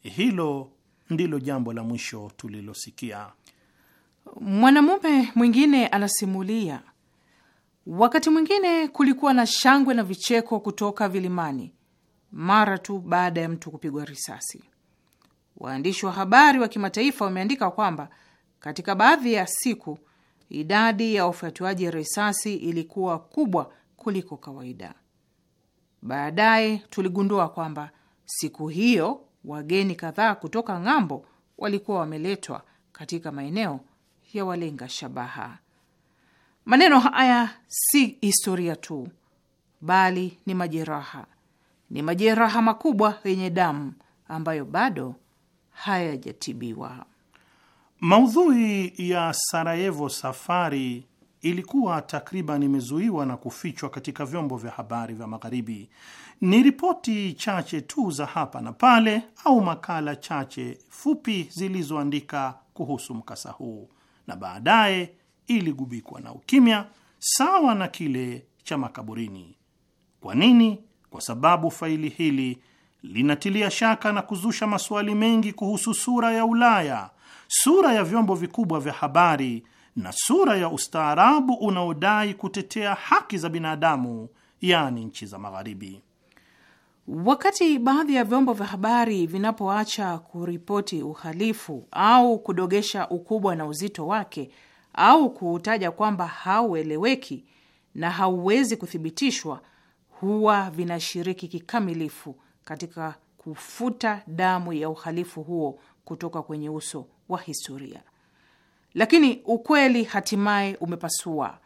Hilo ndilo jambo la mwisho tulilosikia. Mwanamume mwingine anasimulia, wakati mwingine kulikuwa na shangwe na vicheko kutoka vilimani mara tu baada ya mtu kupigwa risasi. Waandishi wa habari wa kimataifa wameandika kwamba katika baadhi ya siku idadi ya wafyatuaji risasi ilikuwa kubwa kuliko kawaida. Baadaye tuligundua kwamba siku hiyo wageni kadhaa kutoka ng'ambo walikuwa wameletwa katika maeneo ya walenga shabaha. Maneno haya si historia tu, bali ni majeraha, ni majeraha makubwa yenye damu ambayo bado hayajatibiwa. Maudhui ya Sarajevo Safari ilikuwa takriban imezuiwa na kufichwa katika vyombo vya habari vya Magharibi. Ni ripoti chache tu za hapa na pale au makala chache fupi zilizoandika kuhusu mkasa huu, na baadaye iligubikwa na ukimya sawa na kile cha makaburini. Kwa nini? Kwa sababu faili hili linatilia shaka na kuzusha maswali mengi kuhusu sura ya Ulaya sura ya vyombo vikubwa vya habari na sura ya ustaarabu unaodai kutetea haki za binadamu, yaani nchi za Magharibi. Wakati baadhi ya vyombo vya habari vinapoacha kuripoti uhalifu au kudogesha ukubwa na uzito wake au kuutaja kwamba haueleweki na hauwezi kuthibitishwa, huwa vinashiriki kikamilifu katika kufuta damu ya uhalifu huo kutoka kwenye uso wa historia. Lakini ukweli hatimaye umepasua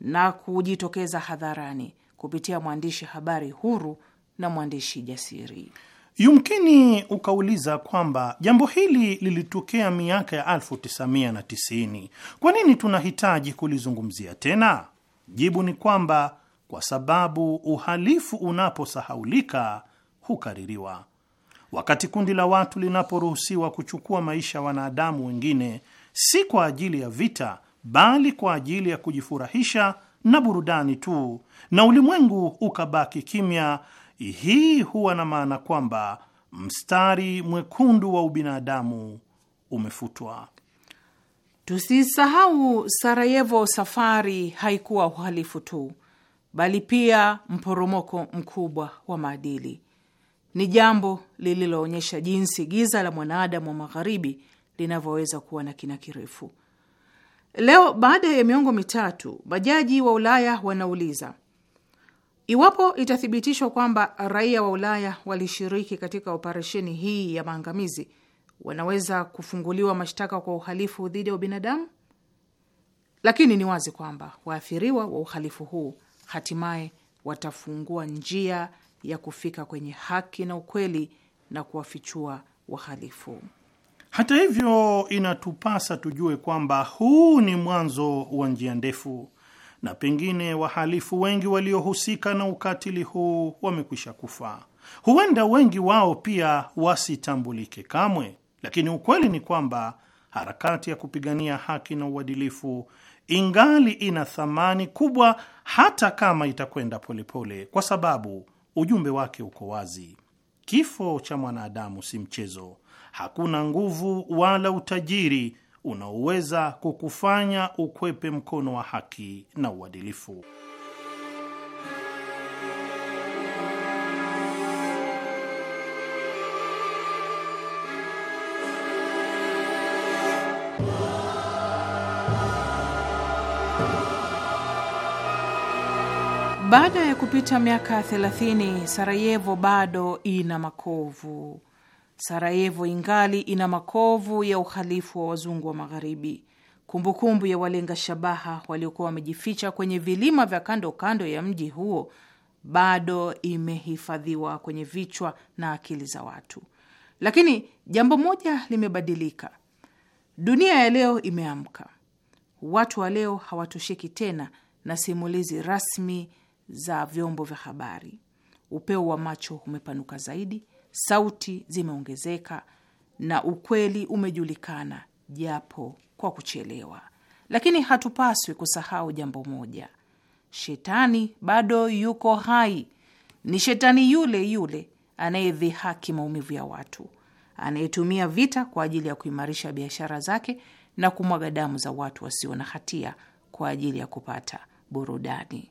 na kujitokeza hadharani kupitia mwandishi habari huru na mwandishi jasiri. Yumkini ukauliza kwamba jambo hili lilitokea miaka ya 1990 kwa nini tunahitaji kulizungumzia tena? Jibu ni kwamba kwa sababu uhalifu unaposahaulika hukaririwa. Wakati kundi la watu linaporuhusiwa kuchukua maisha ya wanadamu wengine, si kwa ajili ya vita, bali kwa ajili ya kujifurahisha na burudani tu, na ulimwengu ukabaki kimya, hii huwa na maana kwamba mstari mwekundu wa ubinadamu umefutwa. Tusisahau Sarajevo, safari haikuwa uhalifu tu, bali pia mporomoko mkubwa wa maadili ni jambo lililoonyesha jinsi giza la mwanaadamu wa magharibi linavyoweza kuwa na kina kirefu. Leo baada ya miongo mitatu, majaji wa Ulaya wanauliza iwapo itathibitishwa kwamba raia wa Ulaya walishiriki katika operesheni hii ya maangamizi, wanaweza kufunguliwa mashtaka kwa uhalifu dhidi ya ubinadamu. Lakini ni wazi kwamba waathiriwa wa uhalifu huu hatimaye watafungua njia ya kufika kwenye haki na ukweli na kuwafichua wahalifu. Hata hivyo, inatupasa tujue kwamba huu ni mwanzo wa njia ndefu, na pengine wahalifu wengi waliohusika na ukatili huu wamekwisha kufa. Huenda wengi wao pia wasitambulike kamwe, lakini ukweli ni kwamba harakati ya kupigania haki na uadilifu ingali ina thamani kubwa, hata kama itakwenda polepole, kwa sababu ujumbe wake uko wazi: kifo cha mwanadamu si mchezo. Hakuna nguvu wala utajiri unaoweza kukufanya ukwepe mkono wa haki na uadilifu. Baada ya kupita miaka 30 Sarajevo bado ina makovu. Sarajevo ingali ina makovu ya uhalifu wa wazungu wa Magharibi. Kumbukumbu ya walenga shabaha waliokuwa wamejificha kwenye vilima vya kando kando ya mji huo bado imehifadhiwa kwenye vichwa na akili za watu. Lakini jambo moja limebadilika. Dunia ya leo imeamka. Watu wa leo hawatosheki tena na simulizi rasmi za vyombo vya habari. Upeo wa macho umepanuka zaidi, sauti zimeongezeka na ukweli umejulikana, japo kwa kuchelewa. Lakini hatupaswi kusahau jambo moja: shetani bado yuko hai. Ni shetani yule yule anayedhihaki maumivu ya watu, anayetumia vita kwa ajili ya kuimarisha biashara zake na kumwaga damu za watu wasio na hatia kwa ajili ya kupata burudani.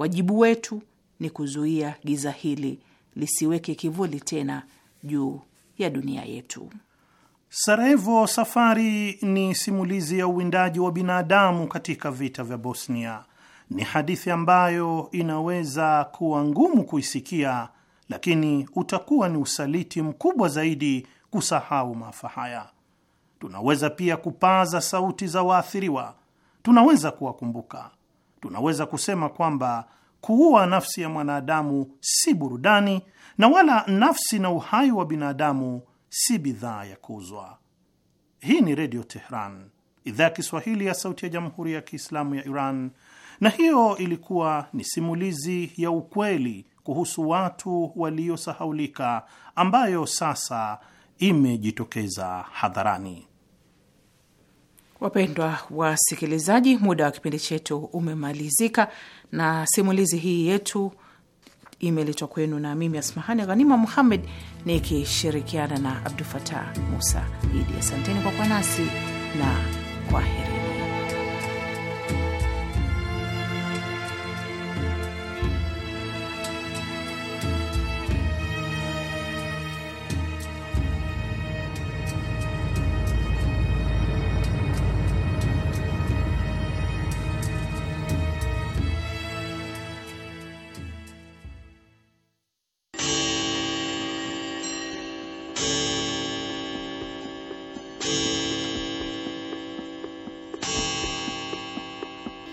Wajibu wetu ni kuzuia giza hili lisiweke kivuli tena juu ya dunia yetu. Sarajevo Safari ni simulizi ya uwindaji wa binadamu katika vita vya Bosnia. Ni hadithi ambayo inaweza kuwa ngumu kuisikia, lakini utakuwa ni usaliti mkubwa zaidi kusahau maafa haya. Tunaweza pia kupaza sauti za waathiriwa, tunaweza kuwakumbuka tunaweza kusema kwamba kuua nafsi ya mwanadamu si burudani na wala nafsi na uhai wa binadamu si bidhaa ya kuuzwa. Hii ni Redio Tehran, idhaa ya Kiswahili ya sauti ya Jamhuri ya Kiislamu ya Iran, na hiyo ilikuwa ni simulizi ya ukweli kuhusu watu waliosahaulika ambayo sasa imejitokeza hadharani. Wapendwa wasikilizaji, muda wa kipindi chetu umemalizika, na simulizi hii yetu imeletwa kwenu na mimi Asmahani Ghanima Muhammed nikishirikiana na Abdu Fatah Musa Idi. Asanteni kwa kwa nasi na kwaheri.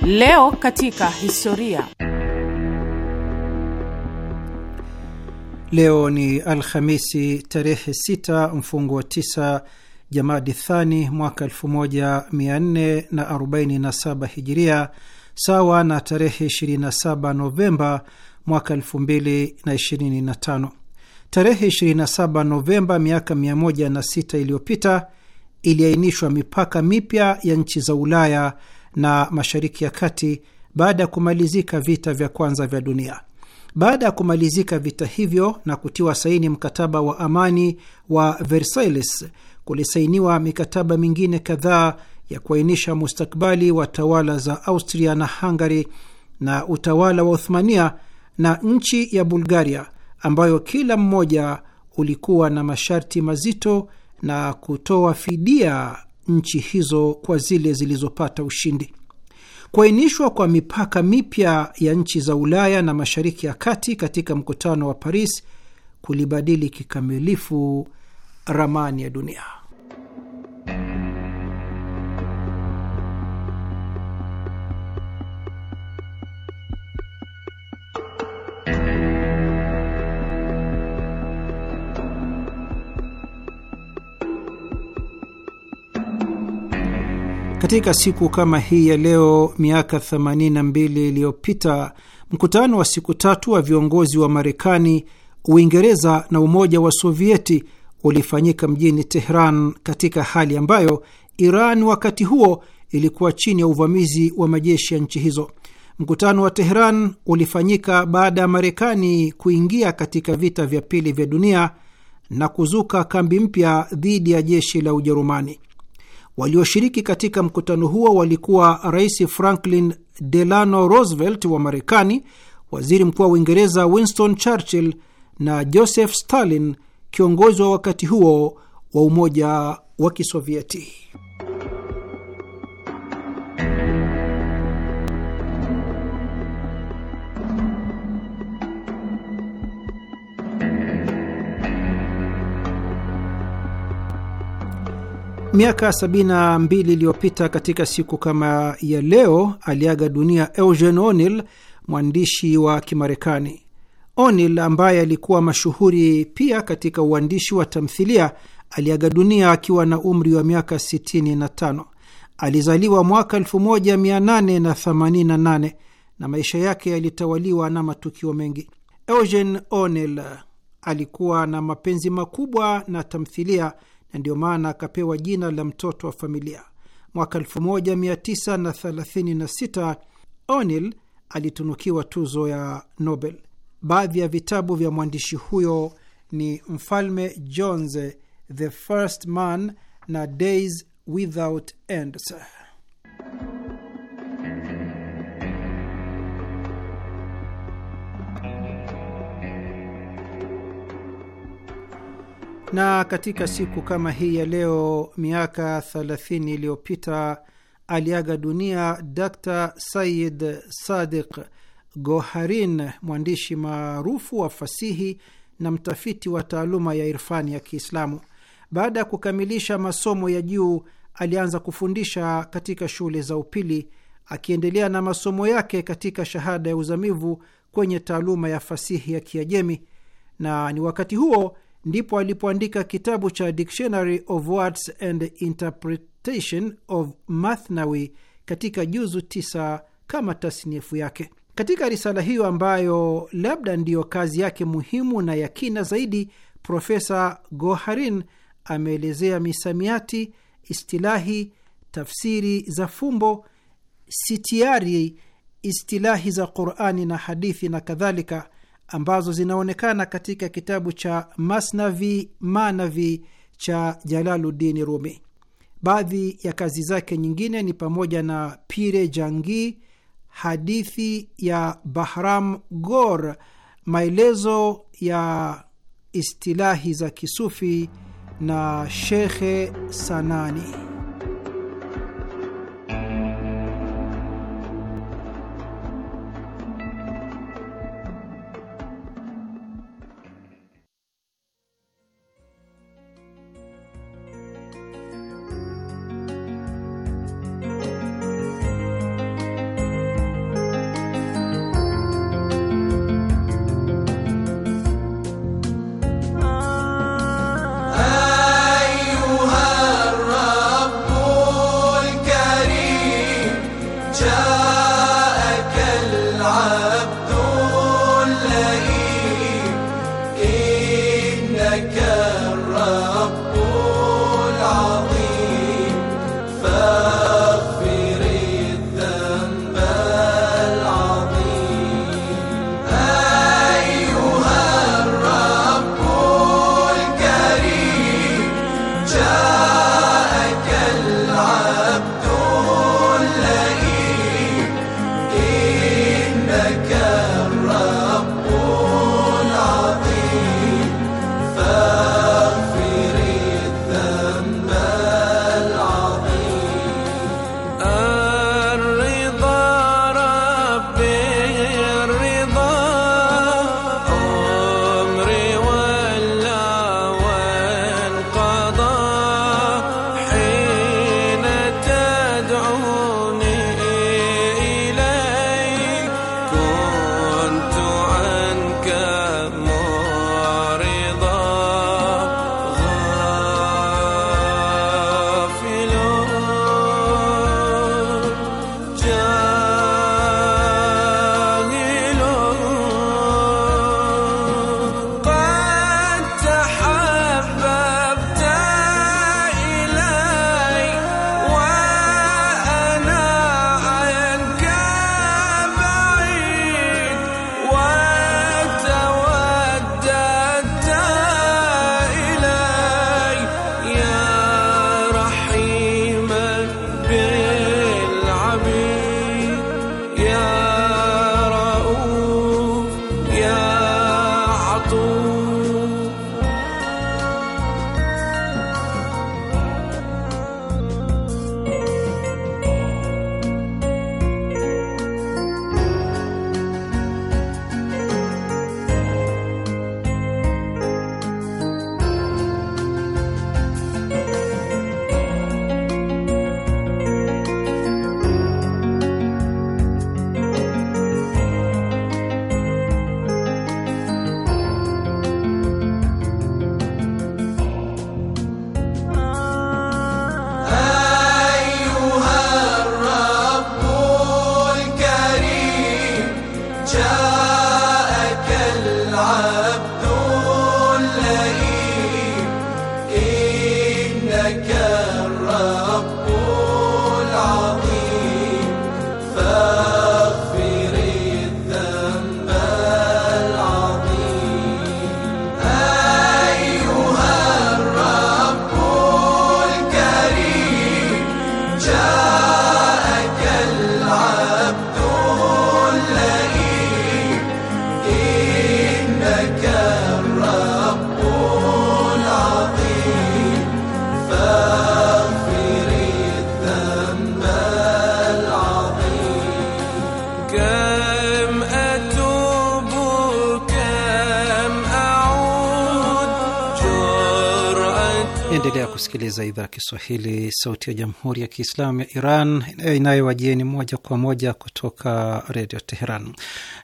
Leo katika historia. Leo ni Alhamisi tarehe 6 mfungo wa 9 Jamadi Thani mwaka 1447 Hijiria, sawa na tarehe 27 Novemba mwaka 2025. Tarehe 27 Novemba miaka 106 iliyopita iliainishwa mipaka mipya ya nchi za Ulaya na Mashariki ya Kati baada ya kumalizika vita vya kwanza vya dunia. Baada ya kumalizika vita hivyo na kutiwa saini mkataba wa amani wa Versailles, kulisainiwa mikataba mingine kadhaa ya kuainisha mustakbali wa tawala za Austria na Hungary na utawala wa Uthmania na nchi ya Bulgaria, ambayo kila mmoja ulikuwa na masharti mazito na kutoa fidia nchi hizo kwa zile zilizopata ushindi. Kuainishwa kwa mipaka mipya ya nchi za Ulaya na Mashariki ya Kati katika mkutano wa Paris kulibadili kikamilifu ramani ya dunia. Katika siku kama hii ya leo miaka 82 iliyopita, mkutano wa siku tatu wa viongozi wa Marekani, Uingereza na Umoja wa Sovieti ulifanyika mjini Tehran katika hali ambayo Iran wakati huo ilikuwa chini ya uvamizi wa majeshi ya nchi hizo. Mkutano wa Tehran ulifanyika baada ya Marekani kuingia katika vita vya pili vya dunia na kuzuka kambi mpya dhidi ya jeshi la Ujerumani. Walioshiriki katika mkutano huo walikuwa Rais Franklin Delano Roosevelt wa Marekani, Waziri Mkuu wa Uingereza Winston Churchill na Joseph Stalin, kiongozi wa wakati huo wa Umoja wa Kisovieti. Miaka 72 iliyopita katika siku kama ya leo aliaga dunia Eugene O'Neill, mwandishi wa Kimarekani. O'Neill ambaye alikuwa mashuhuri pia katika uandishi wa tamthilia aliaga dunia akiwa na umri wa miaka 65. Alizaliwa mwaka 1888 na, na maisha yake yalitawaliwa na matukio mengi. Eugene O'Neill alikuwa na mapenzi makubwa na tamthilia na ndiyo maana akapewa jina la mtoto wa familia. Mwaka 1936 O'Neill alitunukiwa tuzo ya Nobel. Baadhi ya vitabu vya mwandishi huyo ni Mfalme Jones, The First Man na Days Without End. Na katika siku kama hii ya leo miaka 30 iliyopita aliaga dunia Dr Sayid Sadiq Goharin, mwandishi maarufu wa fasihi na mtafiti wa taaluma ya irfani ya Kiislamu. Baada ya kukamilisha masomo ya juu, alianza kufundisha katika shule za upili, akiendelea na masomo yake katika shahada ya uzamivu kwenye taaluma ya fasihi ya Kiajemi, na ni wakati huo ndipo alipoandika kitabu cha Dictionary of Words and Interpretation of Mathnawi katika juzu tisa kama tasnifu yake. Katika risala hiyo ambayo labda ndiyo kazi yake muhimu na ya kina zaidi, Profesa Goharin ameelezea misamiati, istilahi, tafsiri za fumbo, sitiari, istilahi za Qurani na hadithi na kadhalika ambazo zinaonekana katika kitabu cha Masnavi Manavi cha jalaludini Rumi. Baadhi ya kazi zake nyingine ni pamoja na Pire Jangi, hadithi ya Bahram Gor, maelezo ya istilahi za Kisufi na Shekhe Sanani. kusikiliza idhaa ya Kiswahili, sauti ya jamhuri ya kiislamu ya Iran eh, inayowajieni moja kwa moja kutoka redio Teheran.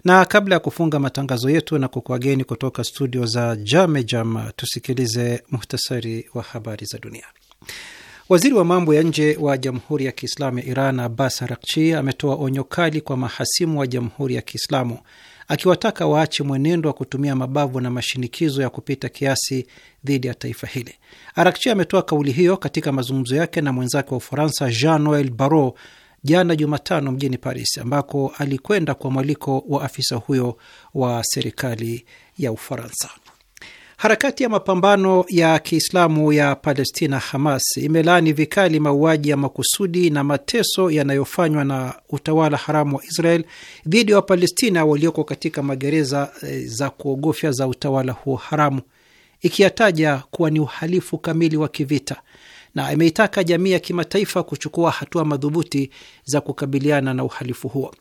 Na kabla ya kufunga matangazo yetu na kukuageni kutoka studio za Jamejam, tusikilize muhtasari wa habari za dunia. Waziri wa mambo ya nje wa jamhuri ya kiislamu ya Iran Abbas Arakchi ametoa onyo kali kwa mahasimu wa jamhuri ya kiislamu akiwataka waache mwenendo wa kutumia mabavu na mashinikizo ya kupita kiasi dhidi ya taifa hili. Arakchi ametoa kauli hiyo katika mazungumzo yake na mwenzake wa Ufaransa Jean Noel Barrot jana Jumatano mjini Paris, ambako alikwenda kwa mwaliko wa afisa huyo wa serikali ya Ufaransa. Harakati ya mapambano ya Kiislamu ya Palestina, Hamas, imelaani vikali mauaji ya makusudi na mateso yanayofanywa na utawala haramu wa Israel dhidi ya Wapalestina walioko katika magereza e, za kuogofya za utawala huo haramu, ikiyataja kuwa ni uhalifu kamili wa kivita na imeitaka jamii ya kimataifa kuchukua hatua madhubuti za kukabiliana na uhalifu huo.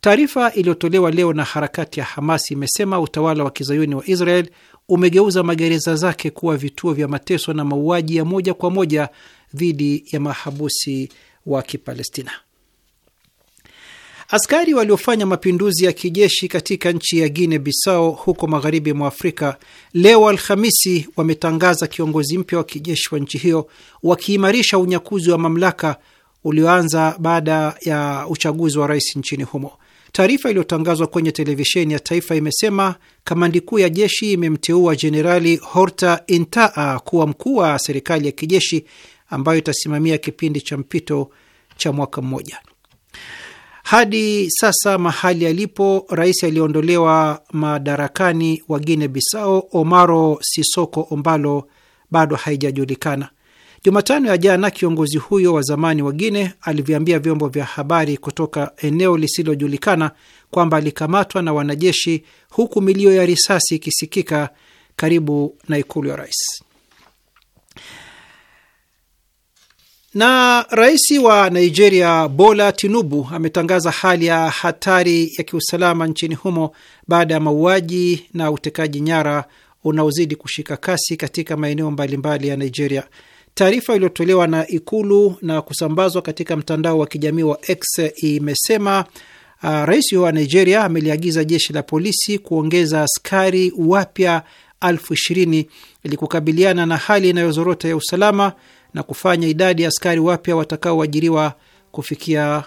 Taarifa iliyotolewa leo na harakati ya Hamas imesema utawala wa kizayuni wa Israel umegeuza magereza zake kuwa vituo vya mateso na mauaji ya moja kwa moja dhidi ya mahabusi wa Kipalestina. Askari waliofanya mapinduzi ya kijeshi katika nchi ya Guinea Bissau huko magharibi mwa Afrika leo Alhamisi wametangaza kiongozi mpya wa kijeshi wa nchi hiyo, wakiimarisha unyakuzi wa mamlaka ulioanza baada ya uchaguzi wa rais nchini humo. Taarifa iliyotangazwa kwenye televisheni ya taifa imesema kamandi kuu ya jeshi imemteua Jenerali Horta Intaa kuwa mkuu wa serikali ya kijeshi ambayo itasimamia kipindi cha mpito cha mwaka mmoja. Hadi sasa mahali alipo rais aliyeondolewa madarakani wa guine Bissau, Omaro Sisoko Ombalo, bado haijajulikana. Jumatano ya jana kiongozi huyo wa zamani wa Guine aliviambia vyombo vya habari kutoka eneo lisilojulikana kwamba alikamatwa na wanajeshi huku milio ya risasi ikisikika karibu na ikulu ya rais. Na rais wa Nigeria Bola Tinubu ametangaza hali ya hatari ya kiusalama nchini humo baada ya mauaji na utekaji nyara unaozidi kushika kasi katika maeneo mbalimbali ya Nigeria. Taarifa iliyotolewa na Ikulu na kusambazwa katika mtandao wa kijamii wa X imesema uh, rais wa Nigeria ameliagiza jeshi la polisi kuongeza askari wapya elfu ishirini ili kukabiliana na hali inayozorota ya usalama na kufanya idadi ya askari wapya watakaoajiriwa kufikia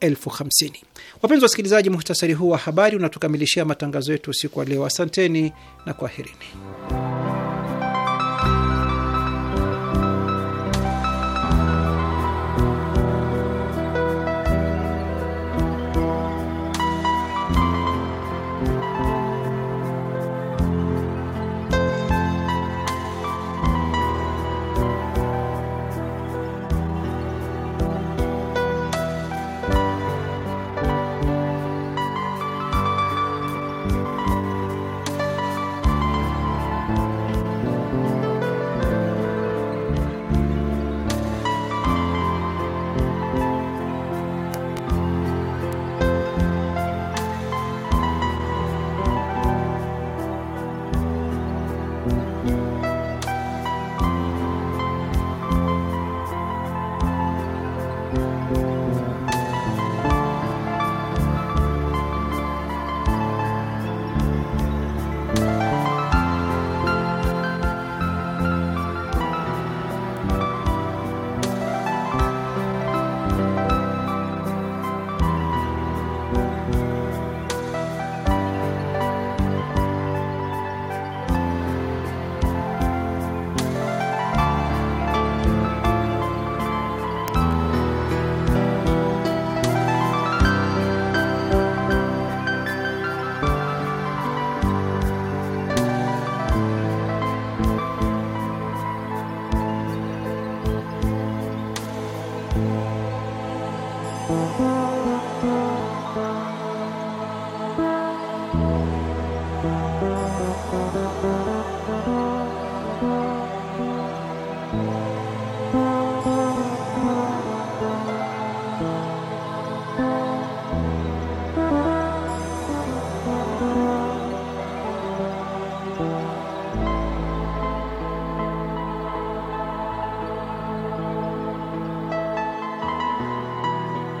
elfu hamsini. Wapenzi wasikilizaji, muhtasari huu wa habari unatukamilishia matangazo yetu usiku wa leo. Asanteni na kwaherini.